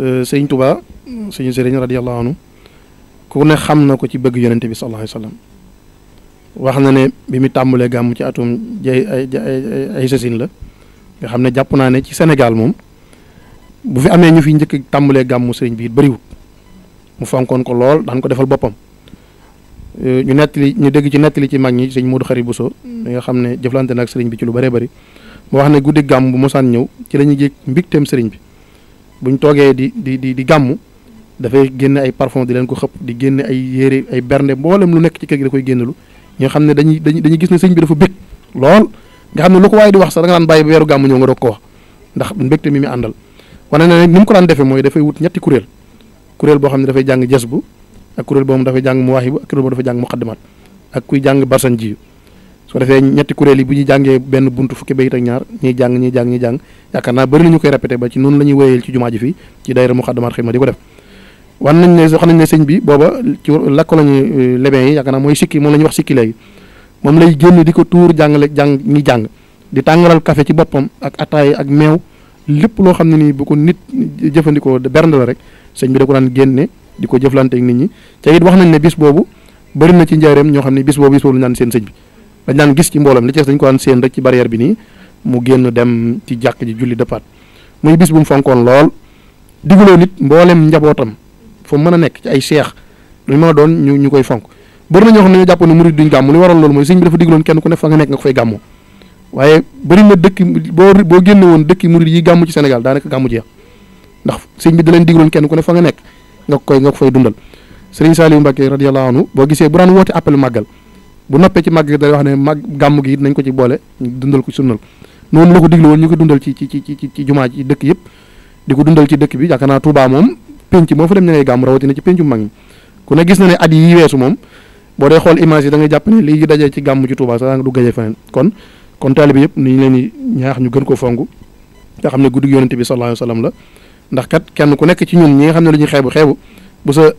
sëñ tubaa suñu sëriñ radiyallahu anhu ku ne xam na ko ci bëgg yonente bi sallallahu alayhi wa wax na ne bi mu tàmbalee gàmm ci atum jay ay ay sasin la nga xam ne jàpp naa ne ci Sénégal moom bu fi amee ñu fi njëkk tàmbalee gàmm sëriñ bi it mu fonkoon ko lool daan ko defal boppam euh, ñu nettali ñu dégg ci li ci mag ñi sëñ Modou Khari Bousso mm. mi nga xam ne jëflante na ak sëriñ bi ci lu bëree bari mu wax ne guddi gàmm bu mosaan ñëw ci lañuy ñuy yëg sëriñ bi bu ñu toogee di di di di gàmmu dafay génne ay parfum di leen ko xëpp di génne ay yére ay bernde mboolem lu nekk ci kër gi da koy génnalu ñoo xam ne dañuy dañuy dañuy gis ne sëñ bi dafa bëgg lool nga xam ne lu ko waaye di wax sax da nga daan bàyyi ba weeru gàmmu ñëw nga doog ko wax ndax mbégte mi mi àndal wane na ni mu ko daan defee mooy dafay wut ñetti kuréel kuréel boo xam ne dafay jàng jas bu ak kuréel boobu dafay jàng muwaahibu ak kuréel boobu dafay jàng muqaddimat ak kuy jàng barsan jiyu su defee ñetti kuréel yi bu ñu jàngee benn bunt fukki bayit ak ñaar ñiy jàng ñiy jàng ñiy jàng yaakaar naa bëri na ñu koy répété ba ci noonu la ñuy wéyal ci jumaa ji fii ci daayira Muxaddamatul Xidma di ko nañ ne wax nañ ne sëñ bi booba ci lakko lañu euh, leben yi yaakaar naa mooy sikki moom la ñuy wax sikki léegi moom lay génn di ko tuur jàngale jàng ñi jàng di tàngalal ci boppam ak ataay ak meew lépp loo xam ne nii bu nit jëfandikoo bernde la rek sëñ bi da ko daan génne di ko jëflante nit ñi te it wax nañ ne bis boobu bëri na ci njaareem ñoo xam ne bis boobu bis boobu naan seen sëñ bi dañ daan gis ci mbooloo mi li ci des dañ ko daan séen rek ci barrière bi nii mu génn dem ci jàkk ji julli dëppaat muy bis bu mu fonkoon lool diguloo nit mboolem njabootam fu mën a nekk ci ay seex lu mën a doon ñu ñu koy fonk bëri na ñoo xam ne ñoo jàpp ne duñ gàmm li waral loolu mooy sëñ bi dafa digaloon kenn ku ne fa nga nekk nga ko fay gàmmu waaye bëri na boo boo génne woon dëkki murid yi gàmm ci Sénégal daanaka gàmmu jeex ndax sëñ bi da kenn ku ne fa nga nekk nga koy nga ko fay dundal sëriñ Saliou Mbacke radiyallahu anhu boo gisee bu daan woote appel màggal bu noppee ci màgg gi day wax ne màgg gàmm gi it ko ci boole dundal ko sunnal noonu la ko digle woon ñu ko dundal ci ci ci ci ci jumaa ci dëkk yëpp di ko dundal ci dëkk bi yaakaar naa Touba moom penc moo fa dem ñeneen gàmm rawatina ci pencu mag ñi ku ne gis na ne at yi weesu moom boo dee xool image yi da jàpp ne lii dajee ci gàmm ci Touba sax nga du gajee feneen kon kon taalibe yëpp ni ñu leen di ñaax ñu gën ko fongu nga xam ne guddi yonente bi sallallahu alayhi wa la ndax kenn ku nekk ci ñun ñi nga xam ne lu ñuy bu sa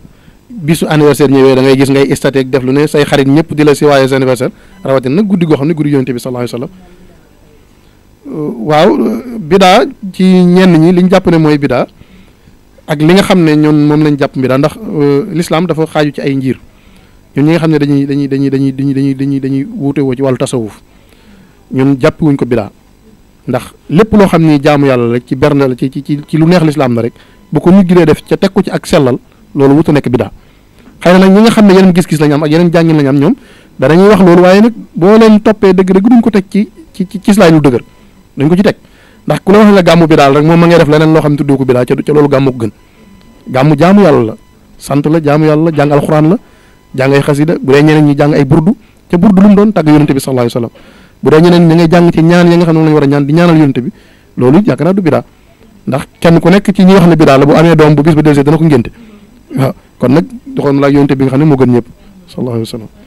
bisu anniversaire ñëwee dangay ngay gis ngay statique def lu ne say xarit ñëpp di la si waaye sa anniversaire rawatina nag guddi goo xam ne guddi yonent bi sallallahu alayhi wa euh, waaw euh, bidaa ci ñenn ñi liñ jàpp ne mooy bidaa ak li nga xam ne ñun moom lañ jàpp bidaa ndax euh, lislaam dafa xaaju ci ay njiir ñun ñi nga xam ne dañuy dañuy dañuy dañuy dañuy dañuy dañuy dañuy woo ci wàllu tasawuf ñun jàpp wuñ ko bidaa ndax lépp loo xam ni jaamu yàlla rek ci berne la ci ci ci lu neex l'islam rek bu ko ñu def ca teg ci ak sellal loolu wuta nekk bidaa xëy na nag ñi nga xam ne yeneen gis-gis la ñu am ak yeneen jàngin la ñu am ñoom wax loolu waaye nag boo leen toppee dëgg-dëgg duñ ko teg ci ci ci islaam lu dëgër ci teg ndax ku la bi daal rek moom ma ngay def leneen loo xam ne tuddoo ko bi daal ca ca loolu gàmmu ko gën gàmmu jaamu yàlla la sant la jaamu yàlla la jàng alxuraan la jàng ñi jàng ay burdu ca burdu lu mu doon tàgg yonente bi sallallahu alayhi wasallam bu dee ñeneen ñi ngay jàng ci ñaan ya nga xam ne a ñaan di ñaanal yonente bi ci ñi wax ne bidaa la bu amee doom bu bis ba delsee dana ko ngénte doxoon la ak yonte bi nga xam ne moo gën ñëpp wa sallam